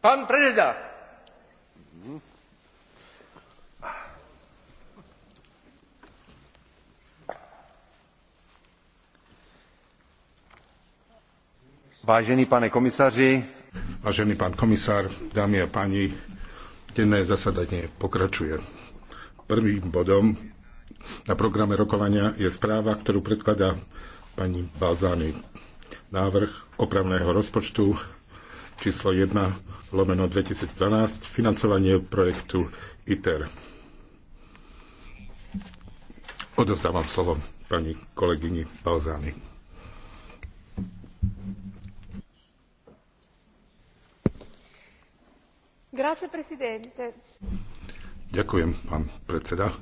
Pán predseda. Vážený pane komisaři. Vážený pán komisár, dámy a páni, denné zasadanie pokračuje. Prvým bodom na programe rokovania je správa, ktorú predkladá pani Balzány návrh opravného rozpočtu číslo 1 lomeno 2012, financovanie projektu ITER. Odovzdávam slovo pani kolegyni Balzány. Grazie, presidente. Ďakujem, pán predseda.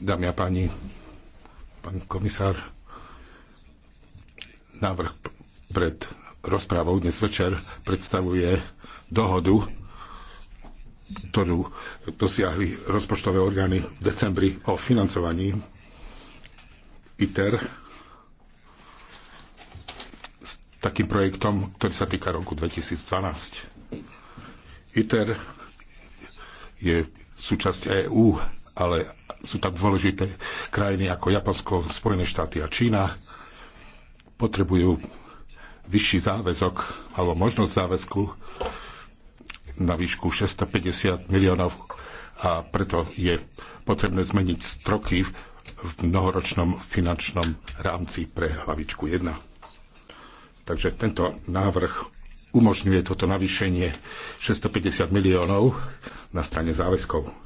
Dámy a páni, pán komisár, návrh pred rozprávou dnes večer predstavuje dohodu, ktorú dosiahli rozpočtové orgány v decembri o financovaní ITER s takým projektom, ktorý sa týka roku 2012. ITER je súčasť EÚ, ale sú tak dôležité krajiny ako Japonsko, Spojené štáty a Čína potrebujú vyšší záväzok alebo možnosť záväzku na výšku 650 miliónov a preto je potrebné zmeniť stroky v mnohoročnom finančnom rámci pre hlavičku 1. Takže tento návrh umožňuje toto navýšenie 650 miliónov na strane záväzkov.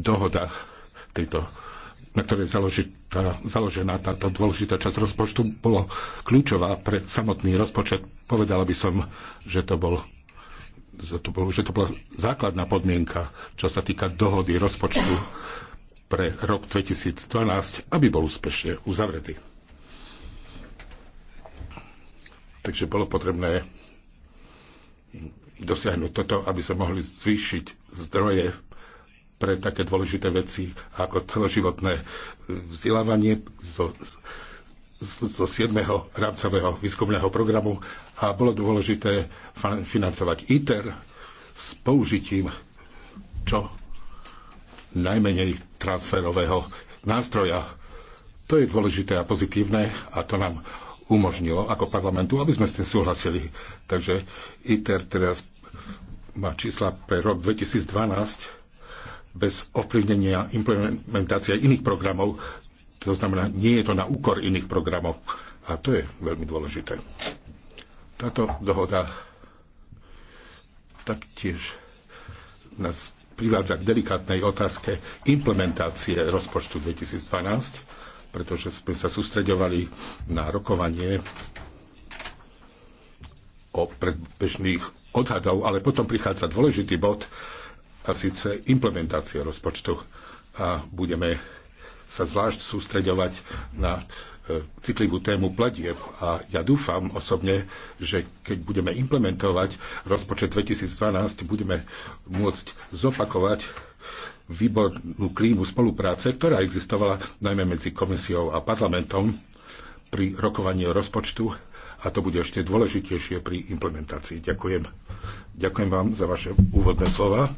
dohoda, tejto, na ktorej založitá, založená táto dôležitá časť rozpočtu, bolo kľúčová pre samotný rozpočet. Povedala by som, že to bol že to, bol, že to bola základná podmienka, čo sa týka dohody rozpočtu pre rok 2012, aby bol úspešne uzavretý. Takže bolo potrebné dosiahnuť toto, aby sa mohli zvýšiť zdroje pre také dôležité veci ako celoživotné e, vzdelávanie zo, zo 7. rámcového výskumného programu a bolo dôležité financovať ITER s použitím čo najmenej transferového nástroja. To je dôležité a pozitívne a to nám umožnilo ako parlamentu, aby sme s tým súhlasili. Takže ITER teraz má čísla pre rok 2012 bez ovplyvnenia implementácie iných programov. To znamená, nie je to na úkor iných programov. A to je veľmi dôležité. Táto dohoda taktiež nás privádza k delikátnej otázke implementácie rozpočtu 2012, pretože sme sa sústreďovali na rokovanie o predbežných odhadov, ale potom prichádza dôležitý bod, a síce implementácia rozpočtu. A budeme sa zvlášť sústreďovať na e, citlivú tému pladieb a ja dúfam osobne, že keď budeme implementovať rozpočet 2012, budeme môcť zopakovať výbornú klímu spolupráce, ktorá existovala najmä medzi komisiou a parlamentom pri rokovaní rozpočtu a to bude ešte dôležitejšie pri implementácii. Ďakujem. Ďakujem vám za vaše úvodné slova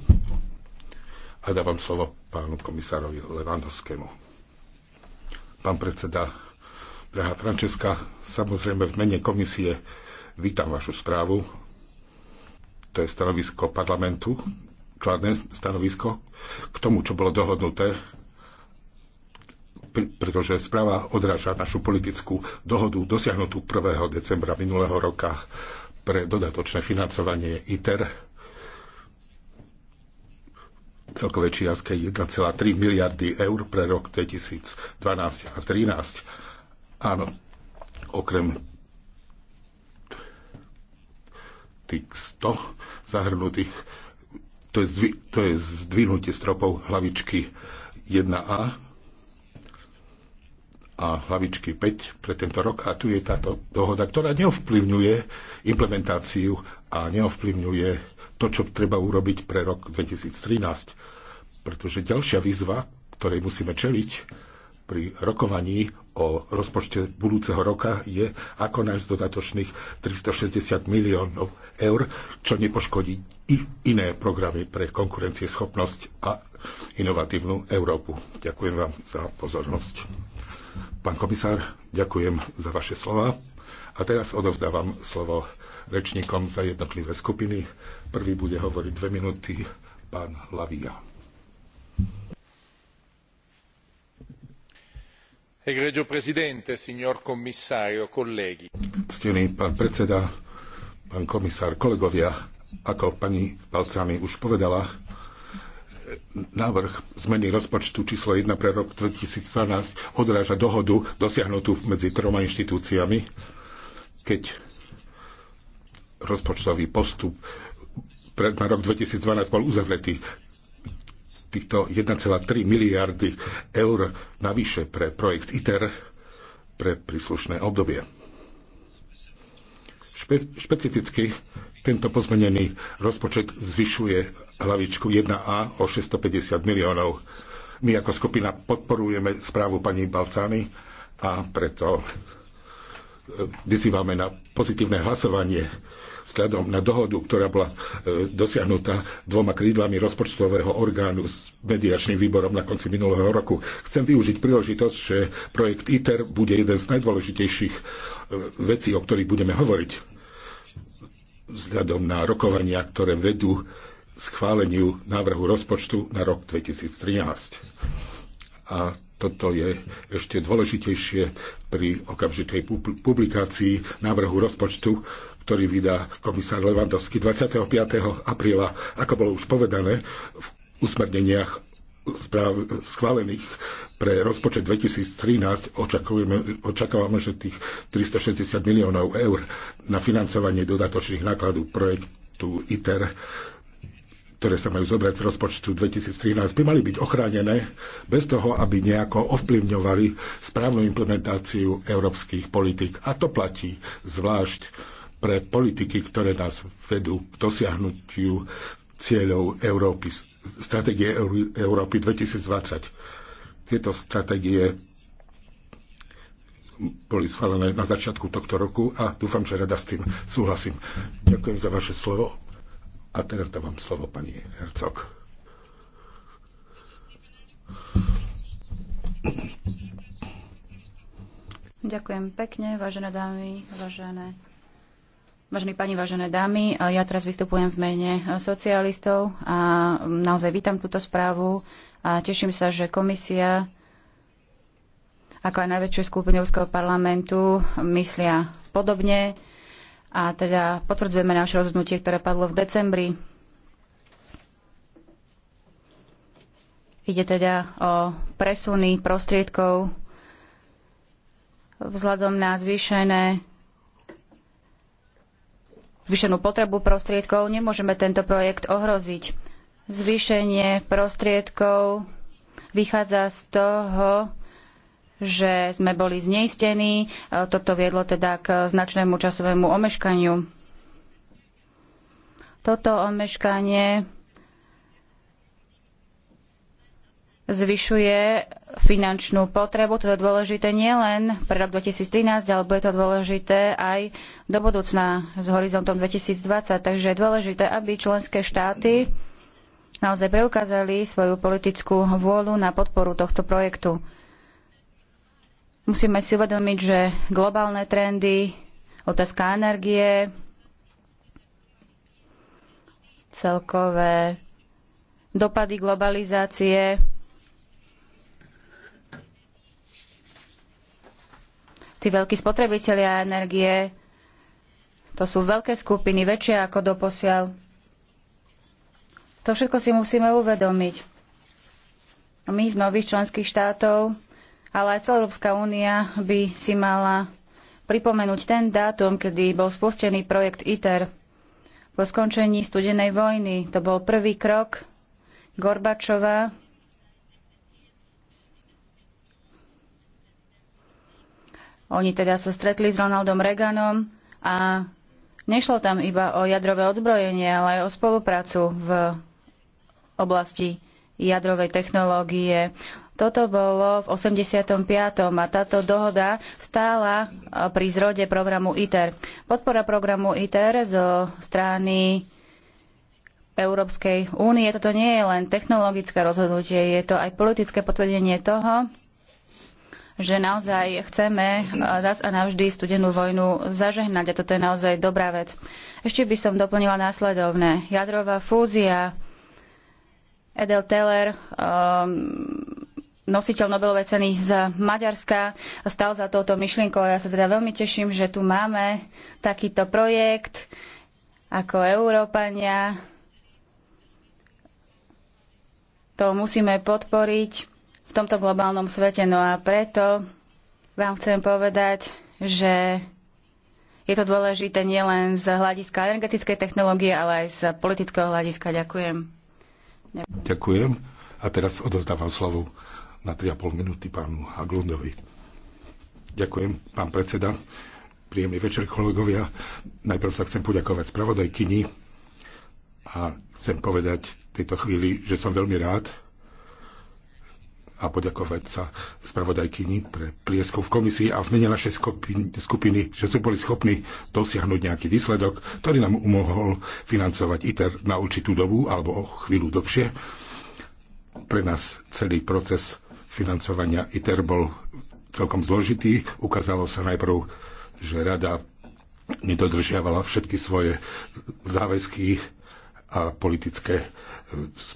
a dávam slovo pánu komisárovi Levandovskému. Pán predseda, drahá Frančeska, samozrejme v mene komisie vítam vašu správu. To je stanovisko parlamentu, kladné stanovisko k tomu, čo bolo dohodnuté, pretože správa odráža našu politickú dohodu dosiahnutú 1. decembra minulého roka pre dodatočné financovanie ITER celkovej čiastke 1,3 miliardy eur pre rok 2012 a 2013. Áno, okrem tých 100 zahrnutých, to je, zdvi, to je zdvihnutie stropov hlavičky 1A a hlavičky 5 pre tento rok. A tu je táto dohoda, ktorá neovplyvňuje implementáciu a neovplyvňuje to, čo treba urobiť pre rok 2013 pretože ďalšia výzva, ktorej musíme čeliť pri rokovaní o rozpočte budúceho roka je, ako nájsť dodatočných 360 miliónov eur, čo nepoškodí i iné programy pre konkurencieschopnosť a inovatívnu Európu. Ďakujem vám za pozornosť. Pán komisár, ďakujem za vaše slova. A teraz odovzdávam slovo rečníkom za jednotlivé skupiny. Prvý bude hovoriť dve minúty pán Lavia egregio presidente signor commissario colleghi ctený pán predseda pán komisár kolegovia ako pani Balcány už povedala návrh zmeny rozpočtu číslo 1 pre rok 2012 odráža dohodu dosiahnutú medzi troma inštitúciami, keď rozpočtový postup na rok 2012 bol uzavretý týchto 1,3 miliardy eur navyše pre projekt ITER pre príslušné obdobie. Špe- špecificky tento pozmenený rozpočet zvyšuje hlavičku 1A o 650 miliónov. My ako skupina podporujeme správu pani Balcány a preto e, vyzývame na pozitívne hlasovanie vzhľadom na dohodu, ktorá bola e, dosiahnutá dvoma krídlami rozpočtového orgánu s mediačným výborom na konci minulého roku. Chcem využiť príležitosť, že projekt ITER bude jeden z najdôležitejších e, vecí, o ktorých budeme hovoriť vzhľadom na rokovania, ktoré vedú schváleniu návrhu rozpočtu na rok 2013. A toto je ešte dôležitejšie pri okamžitej publikácii návrhu rozpočtu, ktorý vydá komisár Levandovský 25. apríla. Ako bolo už povedané, v usmerneniach správ schválených pre rozpočet 2013 očakávame, očakávame, že tých 360 miliónov eur na financovanie dodatočných nákladov projektu ITER ktoré sa majú zobrať z rozpočtu 2013, by mali byť ochránené bez toho, aby nejako ovplyvňovali správnu implementáciu európskych politik. A to platí zvlášť pre politiky, ktoré nás vedú k dosiahnutiu cieľov Európy, stratégie Európy 2020. Tieto stratégie boli schválené na začiatku tohto roku a dúfam, že rada s tým súhlasím. Ďakujem za vaše slovo a teraz dávam slovo pani Hercog. Ďakujem pekne, vážené dámy, vážené Vážení pani, vážené dámy, e, ja teraz vystupujem v mene e, socialistov a naozaj vítam túto správu a teším sa, že komisia ako aj najväčšie skupiny Európskeho parlamentu myslia podobne a teda potvrdzujeme naše rozhodnutie, ktoré padlo v decembri. Ide teda o presuny prostriedkov vzhľadom na zvýšené zvýšenú potrebu prostriedkov, nemôžeme tento projekt ohroziť. Zvýšenie prostriedkov vychádza z toho, že sme boli zneistení. E, toto viedlo teda k značnému časovému omeškaniu. Toto omeškanie zvyšuje finančnú potrebu. To je dôležité nielen pre rok 2013, ale je to dôležité aj do budúcna s horizontom 2020. Takže je dôležité, aby členské štáty naozaj preukázali svoju politickú vôľu na podporu tohto projektu. Musíme si uvedomiť, že globálne trendy, otázka energie, celkové dopady globalizácie tí veľkí spotrebitelia energie. To sú veľké skupiny, väčšie ako doposiaľ. To všetko si musíme uvedomiť. My z nových členských štátov, ale aj celá Európska únia by si mala pripomenúť ten dátum, kedy bol spustený projekt ITER po skončení studenej vojny. To bol prvý krok Gorbačova Oni teda sa stretli s Ronaldom Reaganom a nešlo tam iba o jadrové odzbrojenie, ale aj o spoluprácu v oblasti jadrovej technológie. Toto bolo v 85. a táto dohoda stála e, pri zrode programu ITER. Podpora programu ITER zo strany Európskej únie. Toto nie je len technologické rozhodnutie, je to aj politické potvrdenie toho, že naozaj chceme eh, raz a navždy studenú vojnu zažehnať a toto je naozaj dobrá vec. Ešte by som doplnila následovné. Jadrová fúzia, Edel Teller, um, nositeľ Nobelovej ceny z Maďarska, stal za touto myšlienkou a ja sa teda veľmi teším, že tu máme takýto projekt ako Európania. To musíme podporiť v tomto globálnom svete. No a preto vám chcem povedať, že je to dôležité nielen z hľadiska energetickej technológie, ale aj z politického hľadiska. Ďakujem. Ďakujem. Ďakujem. A teraz odozdávam slovo na 3,5 minúty pánu Haglundovi. Ďakujem, pán predseda. Príjemný večer, kolegovia. Najprv sa chcem poďakovať spravodajkyni a chcem povedať v tejto chvíli, že som veľmi rád, a poďakovať sa spravodajkyni pre prieskov v komisii a v mene našej skupiny, že sme boli schopní dosiahnuť nejaký výsledok, ktorý nám umohol financovať ITER na určitú dobu alebo o chvíľu dlhšie. Pre nás celý proces financovania ITER bol celkom zložitý. Ukázalo sa najprv, že rada nedodržiavala všetky svoje záväzky a politické e,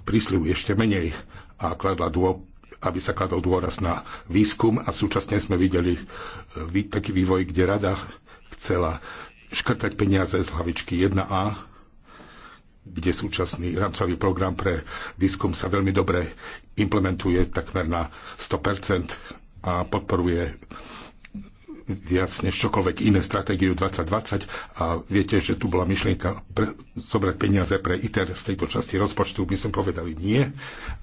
prísľuby ešte menej a kladla dôvod aby sa kladol dôraz na výskum a súčasne sme videli e, taký vývoj, kde rada chcela škrtať peniaze z hlavičky 1A, kde súčasný rámcový program pre výskum sa veľmi dobre implementuje takmer na 100% a podporuje viac než čokoľvek iné stratégiu 2020 a viete, že tu bola myšlienka pre, zobrať peniaze pre ITER z tejto časti rozpočtu. My sme povedali nie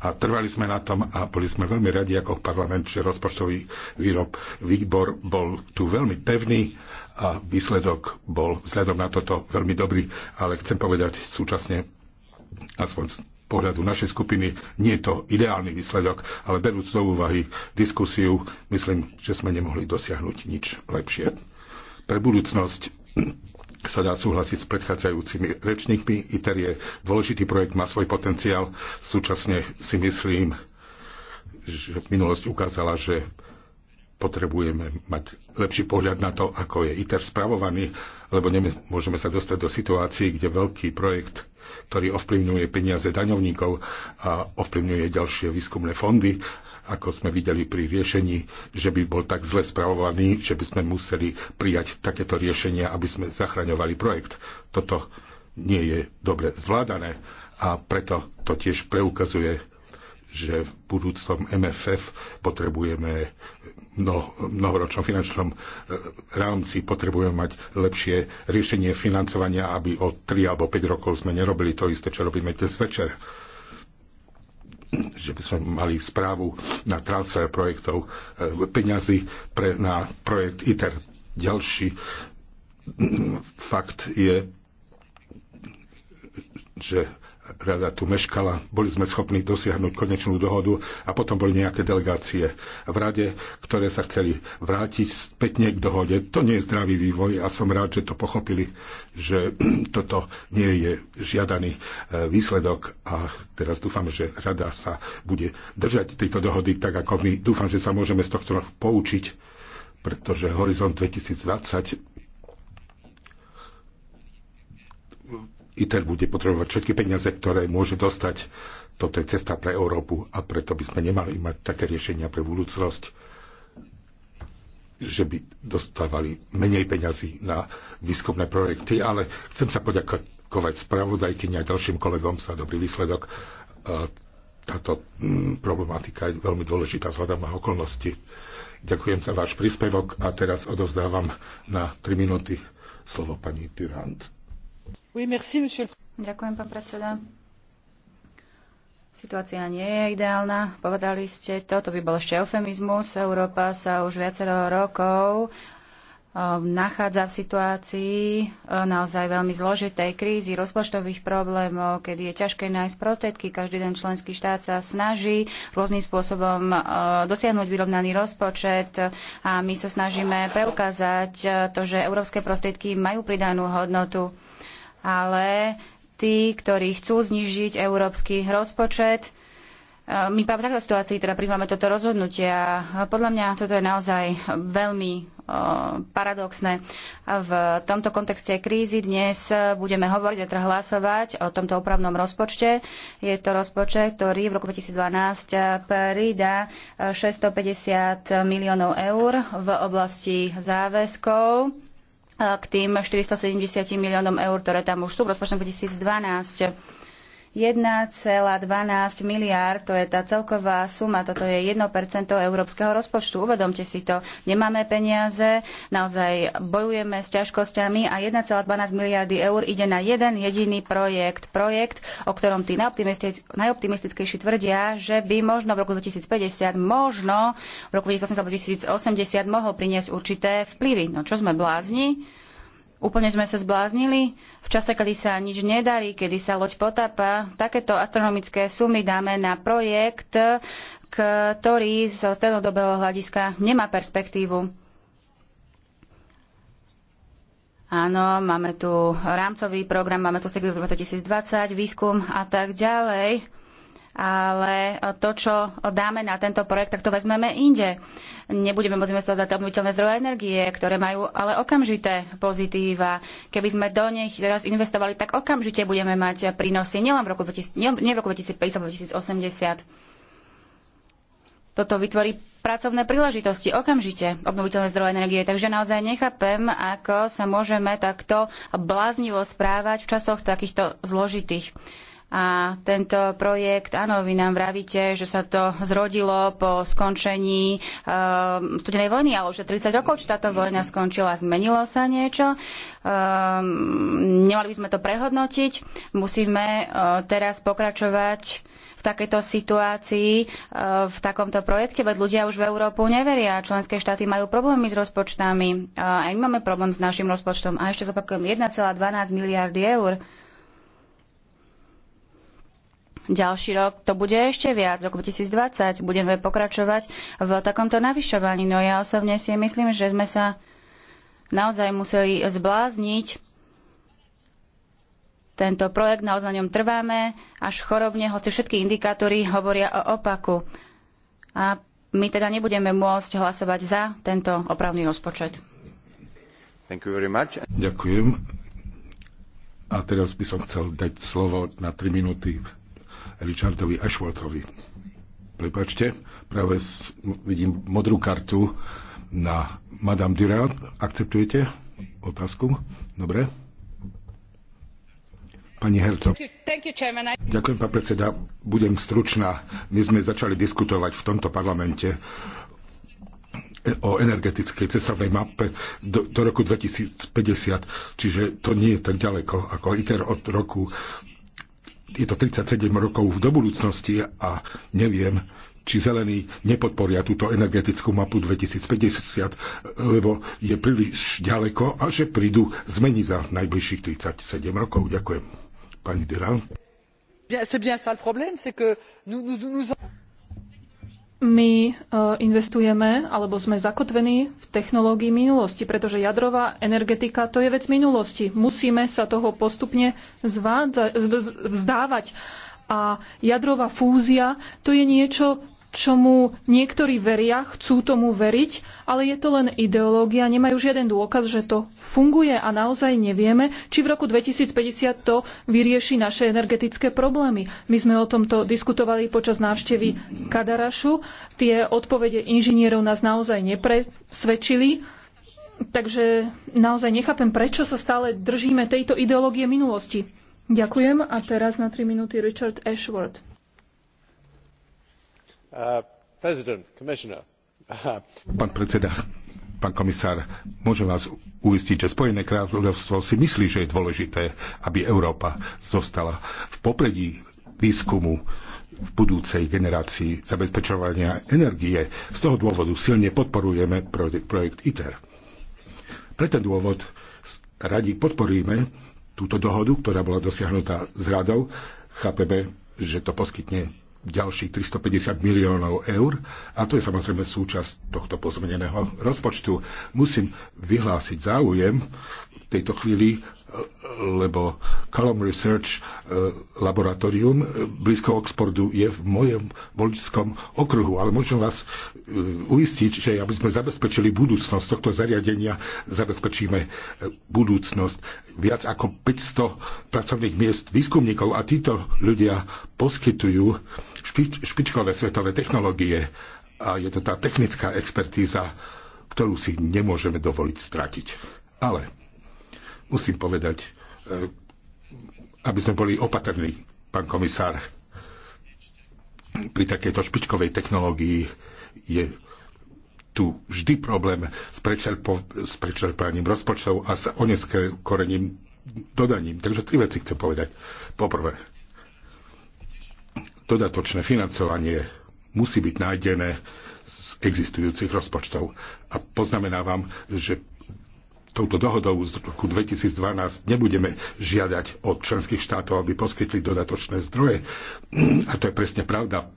a trvali sme na tom a boli sme veľmi radi ako parlament, že rozpočtový výrob, výbor bol tu veľmi pevný a výsledok bol vzhľadom na toto veľmi dobrý, ale chcem povedať súčasne aspoň pohľadu našej skupiny nie je to ideálny výsledok, ale berúc do úvahy diskusiu, myslím, že sme nemohli dosiahnuť nič lepšie. Pre budúcnosť sa dá súhlasiť s predchádzajúcimi rečníkmi. ITER je dôležitý projekt, má svoj potenciál. Súčasne si myslím, že minulosť ukázala, že potrebujeme mať lepší pohľad na to, ako je ITER spravovaný, lebo nemôžeme sa dostať do situácií, kde veľký projekt ktorý ovplyvňuje peniaze daňovníkov a ovplyvňuje ďalšie výskumné fondy, ako sme videli pri riešení, že by bol tak zle spravovaný, že by sme museli prijať takéto riešenia, aby sme zachraňovali projekt. Toto nie je dobre zvládané a preto to tiež preukazuje že v budúcom MFF potrebujeme v mnohoročnom finančnom e, rámci, potrebujeme mať lepšie riešenie financovania, aby o 3 alebo 5 rokov sme nerobili to isté, čo robíme dnes večer že by sme mali správu na transfer projektov e, peňazí pre, na projekt ITER. Ďalší mm, fakt je, že rada tu meškala, boli sme schopní dosiahnuť konečnú dohodu a potom boli nejaké delegácie v rade, ktoré sa chceli vrátiť spätne k dohode. To nie je zdravý vývoj a som rád, že to pochopili, že toto nie je žiadaný e, výsledok a teraz dúfam, že rada sa bude držať tejto dohody tak, ako my. Dúfam, že sa môžeme z tohto poučiť pretože Horizont 2020 ITER bude potrebovať všetky peniaze, ktoré môže dostať. Toto je cesta pre Európu a preto by sme nemali mať také riešenia pre budúcnosť, že by dostávali menej peňazí na výskumné projekty, ale chcem sa poďakovať spravodajkyni a ďalším kolegom za dobrý výsledok. E, táto mm, problematika je veľmi dôležitá vzhľadom na okolnosti. Ďakujem za váš príspevok a teraz odovzdávam na 3 minúty slovo pani Durant. Ďakujem, pán predseda. Situácia nie je ideálna, povedali ste to, to by bol ešte eufemizmus. Európa sa už viacero rokov eh, nachádza v situácii eh, naozaj veľmi zložitej krízy, rozpočtových problémov, kedy je ťažké nájsť prostriedky. Každý ten členský štát sa snaží rôznym spôsobom eh, dosiahnuť vyrovnaný rozpočet a my sa snažíme preukázať to, že európske prostriedky majú pridanú hodnotu ale tí, ktorí chcú znižiť európsky rozpočet, e, my práve v takej situácii teda príjmame toto rozhodnutie a podľa mňa toto je naozaj veľmi e, paradoxné. V tomto kontexte krízy dnes budeme hovoriť a teda hlasovať o tomto opravnom rozpočte. Je to rozpočet, ktorý v roku 2012 prída 650 miliónov eur v oblasti záväzkov k tým 470 miliónom eur, ktoré tam už sú v rozpočtom 2012. 1,12 miliárd, to je tá celková suma, toto je 1% európskeho rozpočtu. Uvedomte si to, nemáme peniaze, naozaj bojujeme s ťažkosťami a 1,12 miliardy eur ide na jeden jediný projekt. Projekt, o ktorom tí najoptimistickejší tvrdia, že by možno v roku 2050, možno v roku 2080 mohol priniesť určité vplyvy. No čo sme blázni? Úplne sme sa zbláznili. V čase, kedy sa nič nedarí, kedy sa loď potápa, takéto astronomické sumy dáme na projekt, ktorý z stredodobého hľadiska nemá perspektívu. Áno, máme tu rámcový program, máme tu stratégiu 2020, výskum a tak ďalej ale to, čo dáme na tento projekt, tak to vezmeme inde. Nebudeme môcť investovať obnoviteľné zdroje energie, ktoré majú ale okamžité pozitíva. Keby sme do nich teraz investovali, tak okamžite budeme mať prínosy nielen v roku, 2000, nie v roku 2050, 2080. Toto vytvorí pracovné príležitosti okamžite obnoviteľné zdroje energie. Takže naozaj nechápem, ako sa môžeme takto bláznivo správať v časoch takýchto zložitých. A tento projekt, áno, vy nám vravíte, že sa to zrodilo po skončení um, studenej vojny, ale už 30 rokov, či táto vojna skončila, zmenilo sa niečo. Um, nemali by sme to prehodnotiť. Musíme uh, teraz pokračovať v takejto situácii, e, v takomto projekte, veď ľudia už v Európu neveria. Členské štáty majú problémy s rozpočtami. Aj my máme problém s našim rozpočtom. A ešte zopakujem, 1,12 miliardy eur ďalší rok to bude ešte viac, roku 2020 budeme pokračovať v takomto navyšovaní. No ja osobne si myslím, že sme sa naozaj museli zblázniť tento projekt, naozaj na ňom trváme až chorobne, hoci všetky indikátory hovoria o opaku. A my teda nebudeme môcť hlasovať za tento opravný rozpočet. Ďakujem. A teraz by som chcel dať slovo na 3 minúty Richardovi Ashworthovi. Prepačte, práve vidím modrú kartu na Madame Durand. Akceptujete otázku? Dobre. Pani Herco. Ďakujem, pán predseda. Budem stručná. My sme začali diskutovať v tomto parlamente o energetickej cestovnej mape do, do roku 2050, čiže to nie je tak ďaleko ako ITER od roku je to 37 rokov v do budúcnosti a neviem, či zelení nepodporia túto energetickú mapu 2050, lebo je príliš ďaleko a že prídu zmeniť za najbližších 37 rokov. Ďakujem. Pani Dural my e, investujeme alebo sme zakotvení v technológii minulosti, pretože jadrová energetika to je vec minulosti. Musíme sa toho postupne zvádza, vzdávať. A jadrová fúzia to je niečo, čomu niektorí veria, chcú tomu veriť, ale je to len ideológia, nemajú žiaden dôkaz, že to funguje a naozaj nevieme, či v roku 2050 to vyrieši naše energetické problémy. My sme o tomto diskutovali počas návštevy Kadarašu. Tie odpovede inžinierov nás naozaj nepresvedčili. Takže naozaj nechápem, prečo sa stále držíme tejto ideológie minulosti. Ďakujem a teraz na 3 minúty Richard Ashworth. Uh, pán predseda, pán komisár, môžem vás uistiť, že Spojené kráľovstvo si myslí, že je dôležité, aby Európa zostala v popredí výskumu v budúcej generácii zabezpečovania energie. Z toho dôvodu silne podporujeme projekt ITER. Pre ten dôvod radi podporíme túto dohodu, ktorá bola dosiahnutá s radou. Chápeme, že to poskytne ďalších 350 miliónov eur a to je samozrejme súčasť tohto pozmeneného rozpočtu. Musím vyhlásiť záujem v tejto chvíli lebo Column Research e, Laboratorium e, blízko Oxfordu je v mojom voličskom okruhu, ale môžem vás e, uistiť, že aby sme zabezpečili budúcnosť tohto zariadenia, zabezpečíme budúcnosť viac ako 500 pracovných miest výskumníkov a títo ľudia poskytujú špič, špičkové svetové technológie a je to tá technická expertíza, ktorú si nemôžeme dovoliť stratiť. Ale musím povedať, eh, aby sme boli opatrní, pán komisár. Pri takejto špičkovej technológii je tu vždy problém s, prečerpo, s prečerpaním rozpočtov a s oneskorením dodaním. Takže tri veci chcem povedať. Poprvé, dodatočné financovanie musí byť nájdené z existujúcich rozpočtov. A poznamenávam, že touto dohodou z roku 2012 nebudeme žiadať od členských štátov, aby poskytli dodatočné zdroje. A to je presne pravda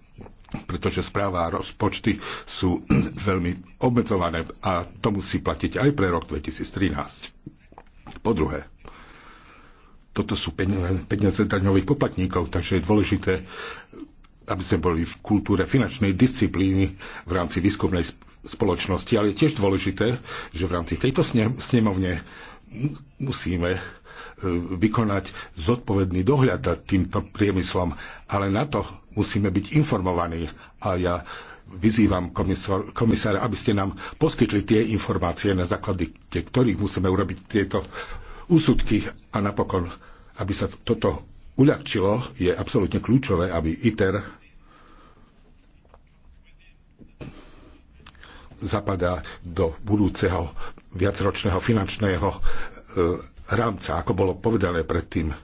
pretože správa a rozpočty sú veľmi obmedzované a to musí platiť aj pre rok 2013. Po druhé, toto sú peniaze daňových poplatníkov, takže je dôležité, aby sme boli v kultúre finančnej disciplíny v rámci výskumnej spoločnosti, ale je tiež dôležité, že v rámci tejto snemovne musíme e, vykonať zodpovedný dohľad nad týmto priemyslom, ale na to musíme byť informovaní. A ja vyzývam komisor, komisára, aby ste nám poskytli tie informácie, na základe ktorých musíme urobiť tieto úsudky a napokon, aby sa toto uľahčilo, je absolútne kľúčové, aby ITER zapadá do budúceho viacročného finančného e, rámca, ako bolo povedané predtým.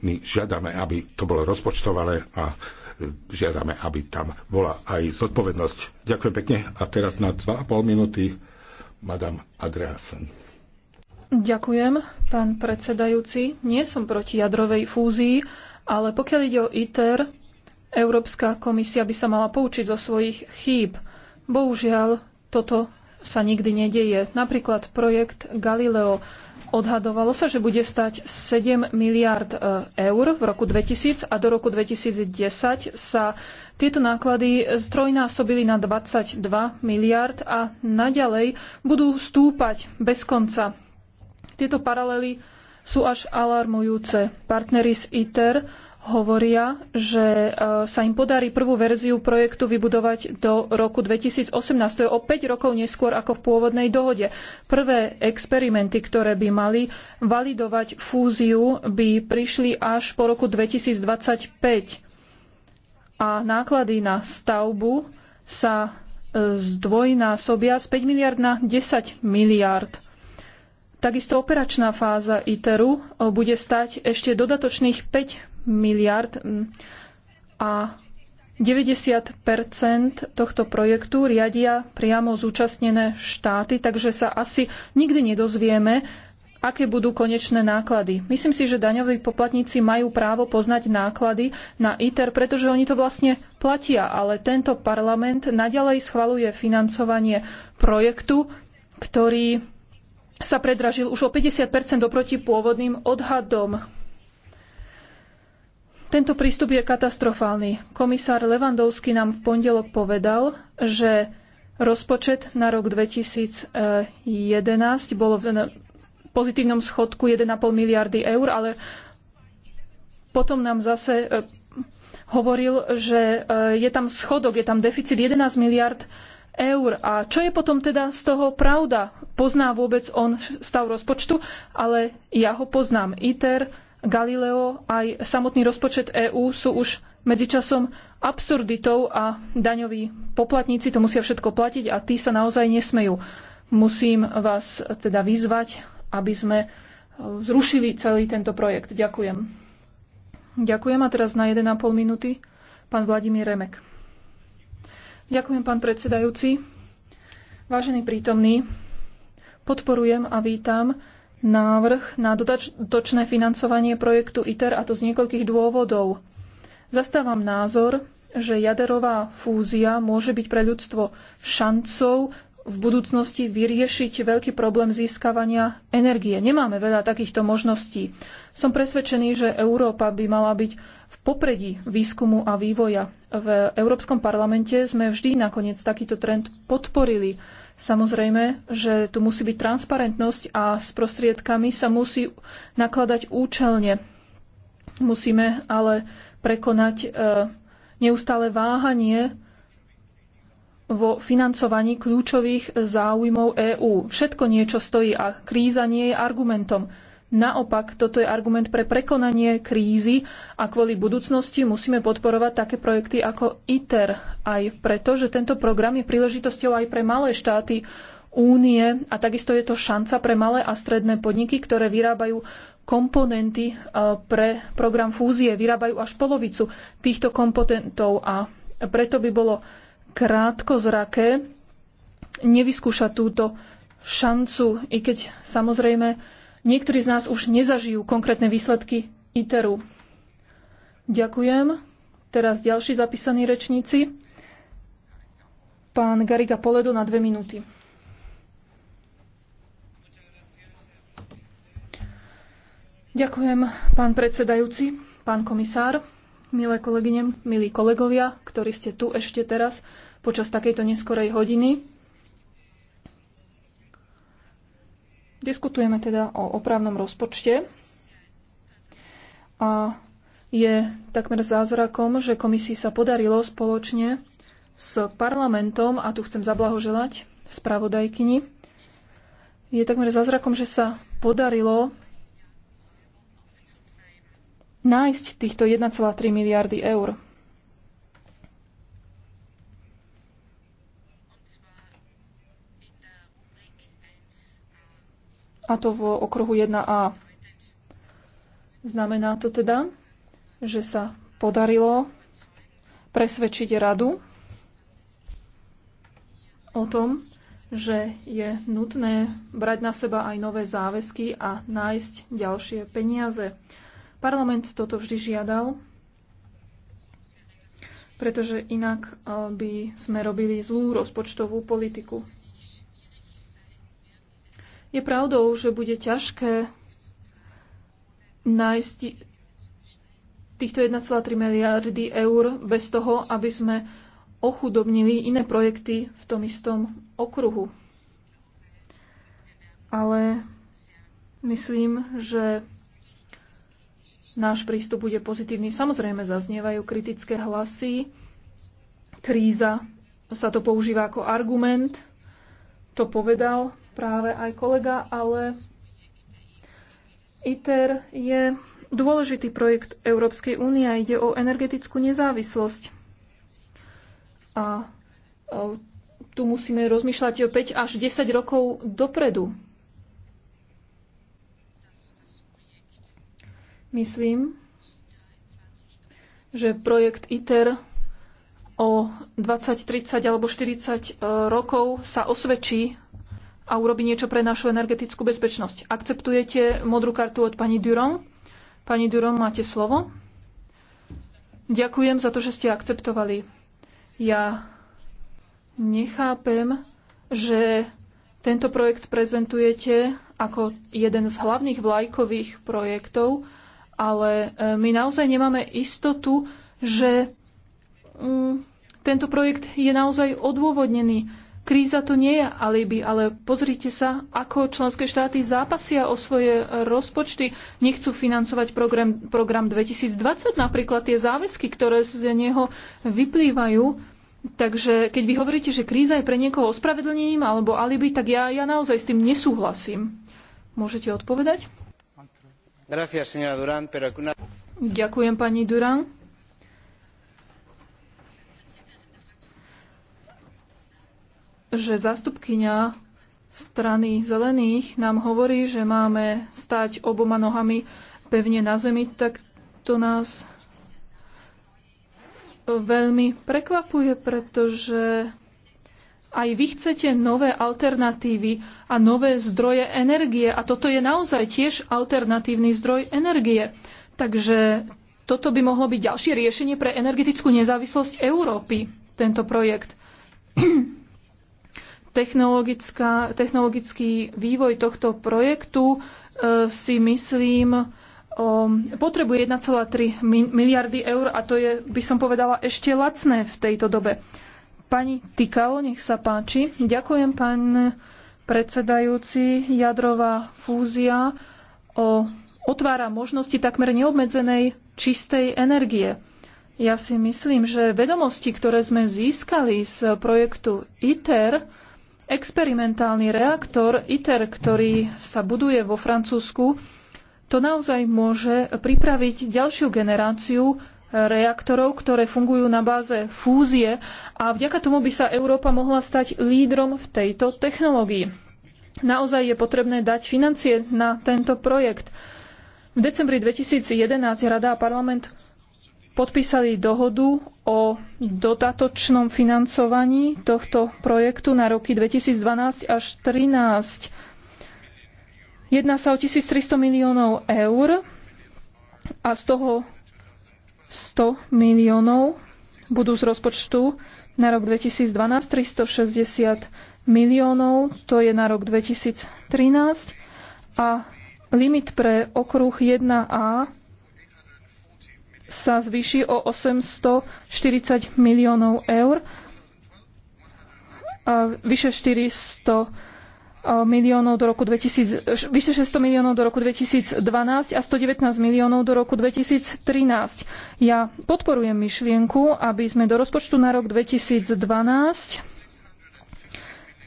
My žiadame, aby to bolo rozpočtované a e, žiadame, aby tam bola aj zodpovednosť. Ďakujem pekne. A teraz na 2,5 minúty Madame Adreasen. Ďakujem, pán predsedajúci. Nie som proti jadrovej fúzii, ale pokiaľ ide o ITER, Európska komisia by sa mala poučiť zo svojich chýb. Bohužiaľ, toto sa nikdy nedeje. Napríklad projekt Galileo. Odhadovalo sa, že bude stať 7 miliard e, eur v roku 2000 a do roku 2010 sa tieto náklady strojnásobili na 22 miliard a naďalej budú stúpať bez konca. Tieto paralely sú až alarmujúce. Partnery z ITER hovoria, že e, sa im podarí prvú verziu projektu vybudovať do roku 2018. To je o 5 rokov neskôr ako v pôvodnej dohode. Prvé experimenty, ktoré by mali validovať fúziu, by prišli až po roku 2025. A náklady na stavbu sa e, zdvojnásobia z 5 miliard na 10 miliard. Takisto operačná fáza ITERu e, bude stať ešte dodatočných 5 miliard a 90 tohto projektu riadia priamo zúčastnené štáty, takže sa asi nikdy nedozvieme, aké budú konečné náklady. Myslím si, že daňoví poplatníci majú právo poznať náklady na ITER, pretože oni to vlastne platia, ale tento parlament naďalej schvaluje financovanie projektu, ktorý sa predražil už o 50 oproti pôvodným odhadom. Tento prístup je katastrofálny. Komisár Levandovský nám v pondelok povedal, že rozpočet na rok 2011 bol v pozitívnom schodku 1,5 miliardy eur, ale potom nám zase e, hovoril, že e, je tam schodok, je tam deficit 11 miliard eur. A čo je potom teda z toho pravda? Pozná vôbec on stav rozpočtu, ale ja ho poznám. ITER, Galileo aj samotný rozpočet EÚ sú už medzičasom absurditou a daňoví poplatníci to musia všetko platiť a tí sa naozaj nesmejú. Musím vás teda vyzvať, aby sme e, zrušili celý tento projekt. Ďakujem. Ďakujem a teraz na 1,5 minúty pán Vladimír Remek. Ďakujem, pán predsedajúci. Vážený prítomní, podporujem a vítam návrh na dotočné financovanie projektu ITER a to z niekoľkých dôvodov. Zastávam názor, že jaderová fúzia môže byť pre ľudstvo šancou v budúcnosti vyriešiť veľký problém získavania energie. Nemáme veľa takýchto možností. Som presvedčený, že Európa by mala byť v popredí výskumu a vývoja. V Európskom parlamente sme vždy nakoniec takýto trend podporili. Samozrejme, že tu musí byť transparentnosť a s prostriedkami sa musí nakladať účelne. Musíme ale prekonať e, neustále váhanie vo financovaní kľúčových záujmov EÚ. Všetko niečo stojí a kríza nie je argumentom. Naopak, toto je argument pre prekonanie krízy a kvôli budúcnosti musíme podporovať také projekty ako ITER. Aj preto, že tento program je príležitosťou aj pre malé štáty únie a takisto je to šanca pre malé a stredné podniky, ktoré vyrábajú komponenty e, pre program fúzie. Vyrábajú až polovicu týchto komponentov a preto by bolo krátkozraké nevyskúšať túto šancu, i keď samozrejme Niektorí z nás už nezažijú konkrétne výsledky ITERu. Ďakujem. Teraz ďalší zapísaní rečníci. Pán Gariga Poledo na dve minúty. Ďakujem, pán predsedajúci, pán komisár, milé kolegyne, milí kolegovia, ktorí ste tu ešte teraz počas takejto neskorej hodiny. Diskutujeme teda o opravnom rozpočte a je takmer zázrakom, že komisii sa podarilo spoločne s parlamentom, a tu chcem zablahoželať spravodajkyni, je takmer zázrakom, že sa podarilo nájsť týchto 1,3 miliardy eur. a to v okruhu 1A. Znamená to teda, že sa podarilo presvedčiť radu o tom, že je nutné brať na seba aj nové záväzky a nájsť ďalšie peniaze. Parlament toto vždy žiadal, pretože inak eh, by sme robili zlú rozpočtovú politiku. Je pravdou, že bude ťažké nájsť týchto 1,3 miliardy eur bez toho, aby sme ochudobnili iné projekty v tom istom okruhu. Ale myslím, že náš prístup bude pozitívny. Samozrejme, zaznievajú kritické hlasy. Kríza sa to používa ako argument. To povedal práve aj kolega, ale ITER je dôležitý projekt Európskej únie a ide o energetickú nezávislosť. A e, tu musíme rozmýšľať o 5 až 10 rokov dopredu. Myslím, že projekt ITER o 20, 30 alebo 40 e, rokov sa osvedčí a urobi niečo pre našu energetickú bezpečnosť. Akceptujete modrú kartu od pani Duron? Pani Duron, máte slovo. Ďakujem za to, že ste akceptovali. Ja nechápem, že tento projekt prezentujete ako jeden z hlavných vlajkových projektov, ale e, my naozaj nemáme istotu, že mm, tento projekt je naozaj odôvodnený. Kríza to nie je alibi, ale pozrite sa, ako členské štáty zápasia o svoje rozpočty. Nechcú financovať program, program 2020, napríklad tie záväzky, ktoré z neho vyplývajú. Takže keď vy hovoríte, že kríza je pre niekoho ospravedlnením alebo alibi, tak ja, ja naozaj s tým nesúhlasím. Môžete odpovedať? Gracias, Durán, pero... Ďakujem, pani Durán. že zástupkyňa strany zelených nám hovorí, že máme stať oboma nohami pevne na zemi, tak to nás veľmi prekvapuje, pretože aj vy chcete nové alternatívy a nové zdroje energie. A toto je naozaj tiež alternatívny zdroj energie. Takže toto by mohlo byť ďalšie riešenie pre energetickú nezávislosť Európy, tento projekt. technologický vývoj tohto projektu e, si myslím potrebuje 1,3 miliardy eur a to je, by som povedala, ešte lacné v tejto dobe. Pani Tikao, nech sa páči. Ďakujem, pán predsedajúci. Jadrová fúzia o, otvára možnosti takmer neobmedzenej čistej energie. Ja si myslím, že vedomosti, ktoré sme získali z projektu ITER, experimentálny reaktor ITER, ktorý sa buduje vo Francúzsku, to naozaj môže pripraviť ďalšiu generáciu reaktorov, ktoré fungujú na báze fúzie a vďaka tomu by sa Európa mohla stať lídrom v tejto technológii. Naozaj je potrebné dať financie na tento projekt. V decembri 2011 Rada a parlament podpísali dohodu o dodatočnom financovaní tohto projektu na roky 2012 až 2013. Jedná sa o 1300 miliónov eur a z toho 100 miliónov budú z rozpočtu na rok 2012, 360 miliónov, to je na rok 2013 a limit pre okruh 1A sa zvýši o 840 miliónov eur. A vyše 400 miliónov do roku 2000, vyše 600 miliónov do roku 2012 a 119 miliónov do roku 2013. Ja podporujem myšlienku, aby sme do rozpočtu na rok 2012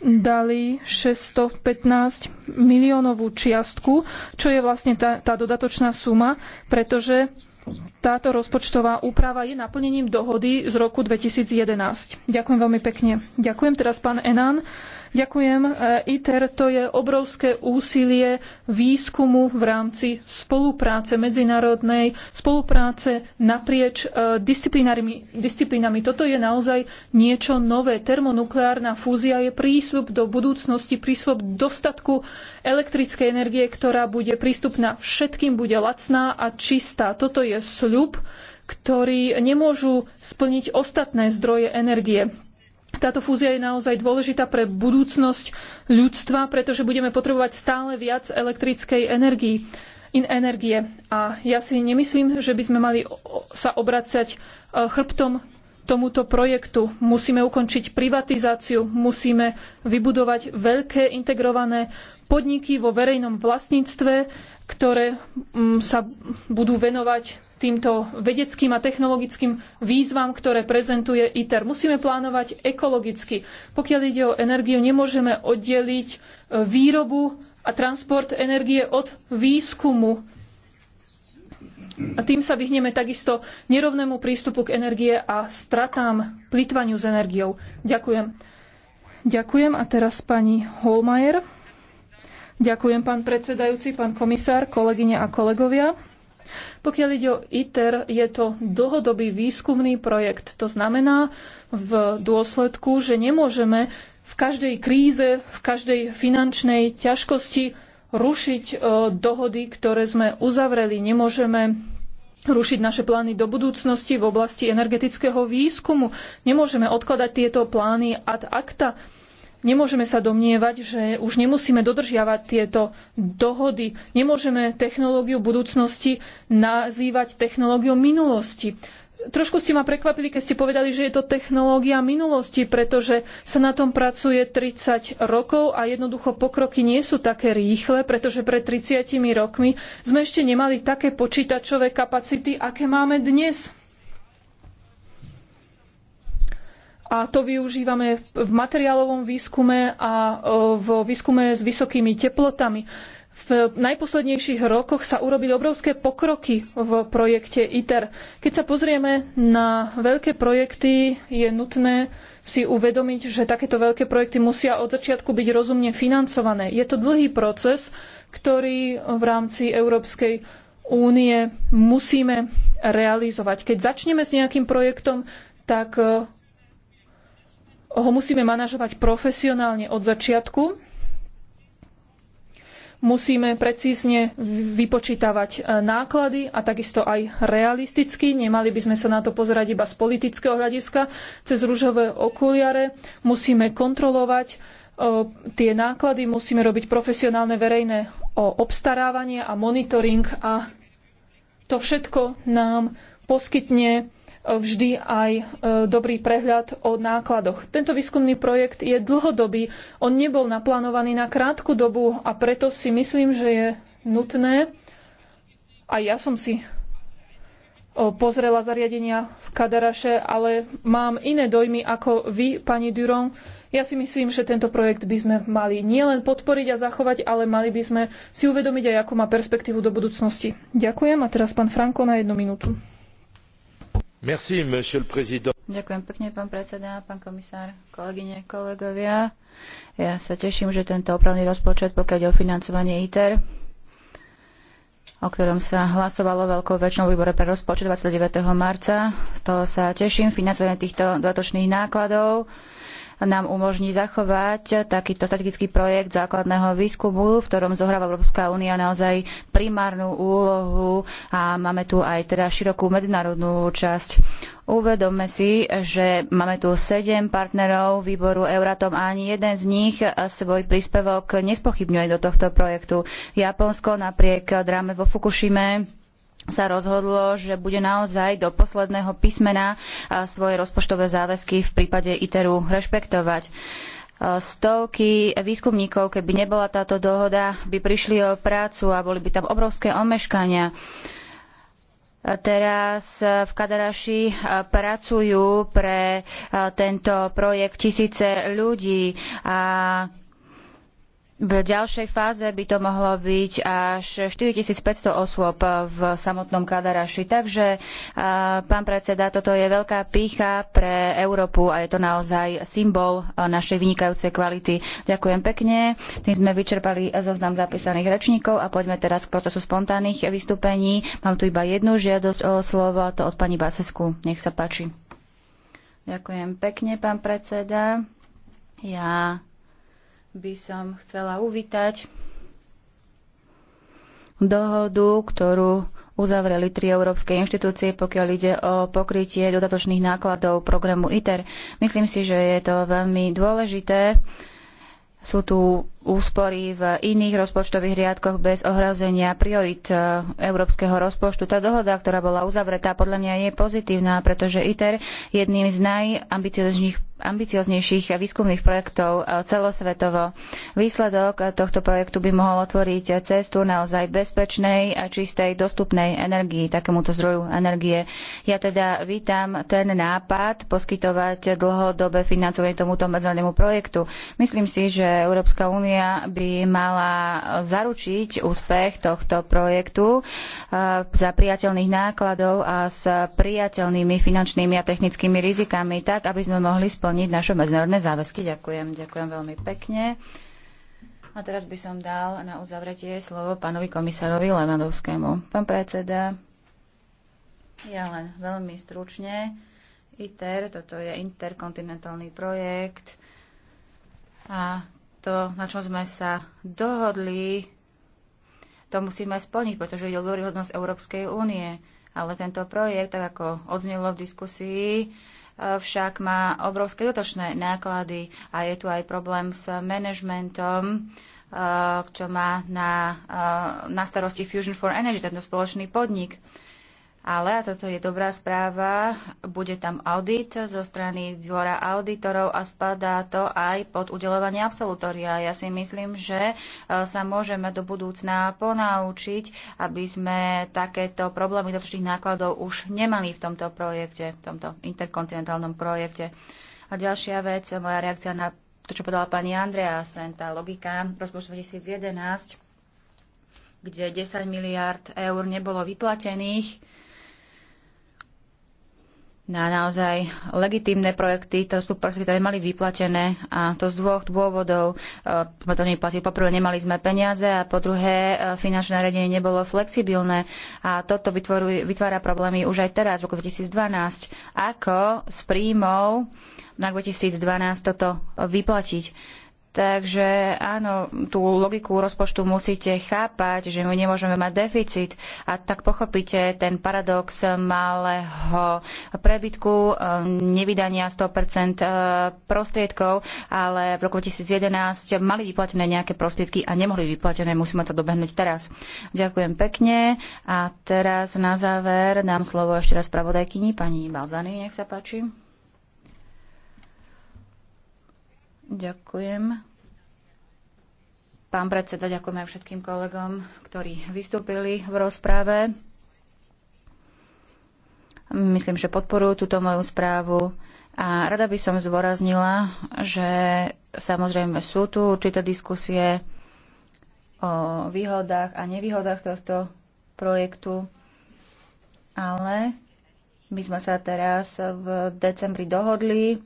dali 615 miliónovú čiastku, čo je vlastne tá, tá dodatočná suma, pretože táto rozpočtová úprava je naplnením dohody z roku 2011. Ďakujem veľmi pekne. Ďakujem teraz pán Enan. Ďakujem. E, ITER to je obrovské úsilie výskumu v rámci spolupráce medzinárodnej, spolupráce naprieč e, disciplínami. disciplínami. Toto je naozaj niečo nové. Termonukleárna fúzia je prísľub do budúcnosti, prísľub dostatku elektrickej energie, ktorá bude prístupná všetkým, bude lacná a čistá. Toto je sľub, ktorý nemôžu splniť ostatné zdroje energie. Táto fúzia je naozaj dôležitá pre budúcnosť ľudstva, pretože budeme potrebovať stále viac elektrickej energii in energie. A ja si nemyslím, že by sme mali sa obracať e, chrbtom tomuto projektu. Musíme ukončiť privatizáciu, musíme vybudovať veľké integrované podniky vo verejnom vlastníctve, ktoré mm, sa budú venovať týmto vedeckým a technologickým výzvam, ktoré prezentuje ITER. Musíme plánovať ekologicky. Pokiaľ ide o energiu, nemôžeme oddeliť e, výrobu a transport energie od výskumu. A tým sa vyhneme takisto nerovnému prístupu k energie a stratám, plýtvaniu s energiou. Ďakujem. Ďakujem. A teraz pani Holmajer. Ďakujem, pán predsedajúci, pán komisár, kolegyne a kolegovia. Pokiaľ ide o ITER, je to dlhodobý výskumný projekt. To znamená v dôsledku, že nemôžeme v každej kríze, v každej finančnej ťažkosti rušiť e, dohody, ktoré sme uzavreli. Nemôžeme rušiť naše plány do budúcnosti v oblasti energetického výskumu. Nemôžeme odkladať tieto plány ad acta. Nemôžeme sa domnievať, že už nemusíme dodržiavať tieto dohody. Nemôžeme technológiu budúcnosti nazývať technológiou minulosti trošku ste ma prekvapili, keď ste povedali, že je to technológia minulosti, pretože sa na tom pracuje 30 rokov a jednoducho pokroky nie sú také rýchle, pretože pred 30 rokmi sme ešte nemali také počítačové kapacity, aké máme dnes. A to využívame v materiálovom výskume a vo výskume s vysokými teplotami. V najposlednejších rokoch sa urobili obrovské pokroky v projekte ITER. Keď sa pozrieme na veľké projekty, je nutné si uvedomiť, že takéto veľké projekty musia od začiatku byť rozumne financované. Je to dlhý proces, ktorý v rámci Európskej únie musíme realizovať. Keď začneme s nejakým projektom, tak eh, ho musíme manažovať profesionálne od začiatku Musíme precízne vypočítavať e, náklady a takisto aj realisticky. Nemali by sme sa na to pozerať iba z politického hľadiska, cez rúžové okuliare. Musíme kontrolovať e, tie náklady, musíme robiť profesionálne verejné obstarávanie a monitoring a to všetko nám poskytne vždy aj e, dobrý prehľad o nákladoch. Tento výskumný projekt je dlhodobý, on nebol naplánovaný na krátku dobu a preto si myslím, že je nutné, a ja som si e, pozrela zariadenia v Kadaraše, ale mám iné dojmy ako vy, pani Duron. Ja si myslím, že tento projekt by sme mali nielen podporiť a zachovať, ale mali by sme si uvedomiť aj, ako má perspektívu do budúcnosti. Ďakujem a teraz pán Franko na jednu minútu. Ďakujem pekne, pán predseda, pán komisár, kolegyne, kolegovia. Ja sa teším, že tento opravný rozpočet, pokiaľ je o financovanie ITER, o ktorom sa hlasovalo veľkou väčšinou výbore pre rozpočet 29. marca. Z toho sa teším. Financovanie týchto dodatočných nákladov nám umožní zachovať takýto strategický projekt základného výskumu, v ktorom zohráva Európska únia naozaj primárnu úlohu a máme tu aj teda širokú medzinárodnú časť. Uvedomme si, že máme tu sedem partnerov výboru Euratom a ani jeden z nich svoj príspevok nespochybňuje do tohto projektu. Japonsko napriek dráme vo Fukushime sa rozhodlo, že bude naozaj do posledného písmena svoje rozpočtové záväzky v prípade ITERu rešpektovať stovky výskumníkov, keby nebola táto dohoda, by prišli o prácu a boli by tam obrovské omeškania. Teraz v Kadaraši pracujú pre tento projekt tisíce ľudí a v ďalšej fáze by to mohlo byť až 4500 osôb v samotnom Kadaraši. Takže, pán predseda, toto je veľká pícha pre Európu a je to naozaj symbol našej vynikajúcej kvality. Ďakujem pekne. Tým sme vyčerpali zoznam zapísaných rečníkov a poďme teraz k procesu spontánnych vystúpení. Mám tu iba jednu žiadosť o slovo, a to od pani Basesku. Nech sa páči. Ďakujem pekne, pán predseda. Ja by som chcela uvítať dohodu, ktorú uzavreli tri európske inštitúcie, pokiaľ ide o pokrytie dodatočných nákladov programu ITER. Myslím si, že je to veľmi dôležité. Sú tu úspory v iných rozpočtových riadkoch bez ohrozenia priorit eh, európskeho rozpočtu. Tá dohoda, ktorá bola uzavretá, podľa mňa je pozitívna, pretože ITER je jedným z najambicioznejších ambicioznejších výskumných projektov e, celosvetovo. Výsledok tohto projektu by mohol otvoriť cestu naozaj bezpečnej, a čistej, dostupnej energii, takémuto zdroju energie. Ja teda vítam ten nápad poskytovať dlhodobé financovanie tomuto medzinárodnému projektu. Myslím si, že Európska únia by mala zaručiť úspech tohto projektu e, za priateľných nákladov a s priateľnými finančnými a technickými rizikami, tak aby sme mohli splniť plniť naše medzinárodné záväzky. Ďakujem, ďakujem veľmi pekne. A teraz by som dal na uzavretie slovo pánovi komisárovi Levandovskému. Pán predseda, ja len veľmi stručne. ITER, toto je interkontinentálny projekt a to, na čom sme sa dohodli, to musíme splniť, pretože ide o dôryhodnosť Európskej únie. Ale tento projekt, tak ako odznelo v diskusii, však má obrovské dotočné náklady a je tu aj problém s manažmentom, eh, čo má na, eh, na starosti Fusion for Energy, tento spoločný podnik. Ale, a toto je dobrá správa, bude tam audit zo strany dvora auditorov a spadá to aj pod udelovanie absolutória. Ja si myslím, že e, sa môžeme do budúcna ponaučiť, aby sme takéto problémy dotočných nákladov už nemali v tomto projekte, v tomto interkontinentálnom projekte. A ďalšia vec, moja reakcia na to, čo povedala pani Andrea Sen, tá logika rozpočtu 2011, kde 10 miliard eur nebolo vyplatených, na naozaj legitímne projekty, to sú proste, ktoré mali vyplatené a to z dvoch dôvodov. Sme to neplatili. poprvé, nemali sme peniaze a po druhé, e, finančné riadenie nebolo flexibilné a toto vytvára problémy už aj teraz, v roku 2012. Ako s príjmov na 2012 toto vyplatiť? Takže áno, tú logiku rozpočtu musíte chápať, že my nemôžeme mať deficit a tak pochopíte ten paradox malého prebytku, ehm, nevydania 100% ehm, prostriedkov, ale v roku 2011 mali vyplatené nejaké prostriedky a nemohli vyplatené, musíme to dobehnúť teraz. Ďakujem pekne a teraz na záver dám slovo ešte raz spravodajkyni pani Balzany, nech sa páči. Ďakujem. Pán predseda, ďakujem aj všetkým kolegom, ktorí vystúpili v rozprave. Myslím, že podporujú túto moju správu. A rada by som zdôraznila, že samozrejme sú tu určité diskusie o výhodách a nevýhodách tohto projektu, ale my sme sa teraz v decembri dohodli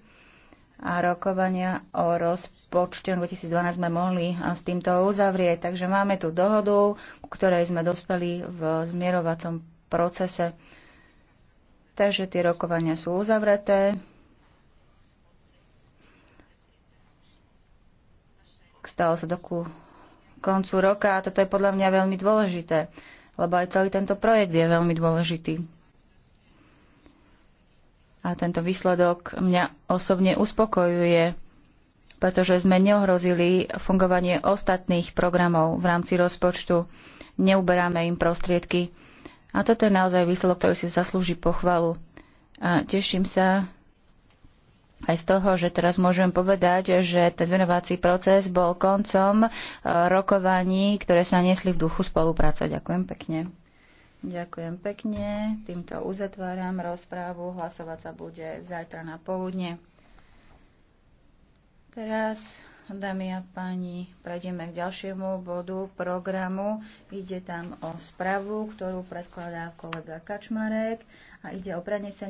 a rokovania o rozpočte 2012 sme mohli s týmto uzavrieť. Takže máme tu dohodu, ku ktorej sme dospeli v zmierovacom procese. Takže tie rokovania sú uzavreté. Stalo sa do ku koncu roka a toto je podľa mňa veľmi dôležité, lebo aj celý tento projekt je veľmi dôležitý. A tento výsledok mňa osobne uspokojuje, pretože sme neohrozili fungovanie ostatných programov v rámci rozpočtu. Neuberáme im prostriedky. A toto je naozaj výsledok, ktorý si zaslúži pochvalu. A teším sa aj z toho, že teraz môžem povedať, že ten zvenovací proces bol koncom eh, rokovaní, ktoré sa nesli v duchu spolupráce. Ďakujem pekne. Ďakujem pekne. Týmto uzatváram rozprávu. Hlasovať sa bude zajtra na poludne. Teraz, dámy a páni, prejdeme k ďalšiemu bodu programu. Ide tam o správu, ktorú predkladá kolega Kačmarek a ide o prenesenie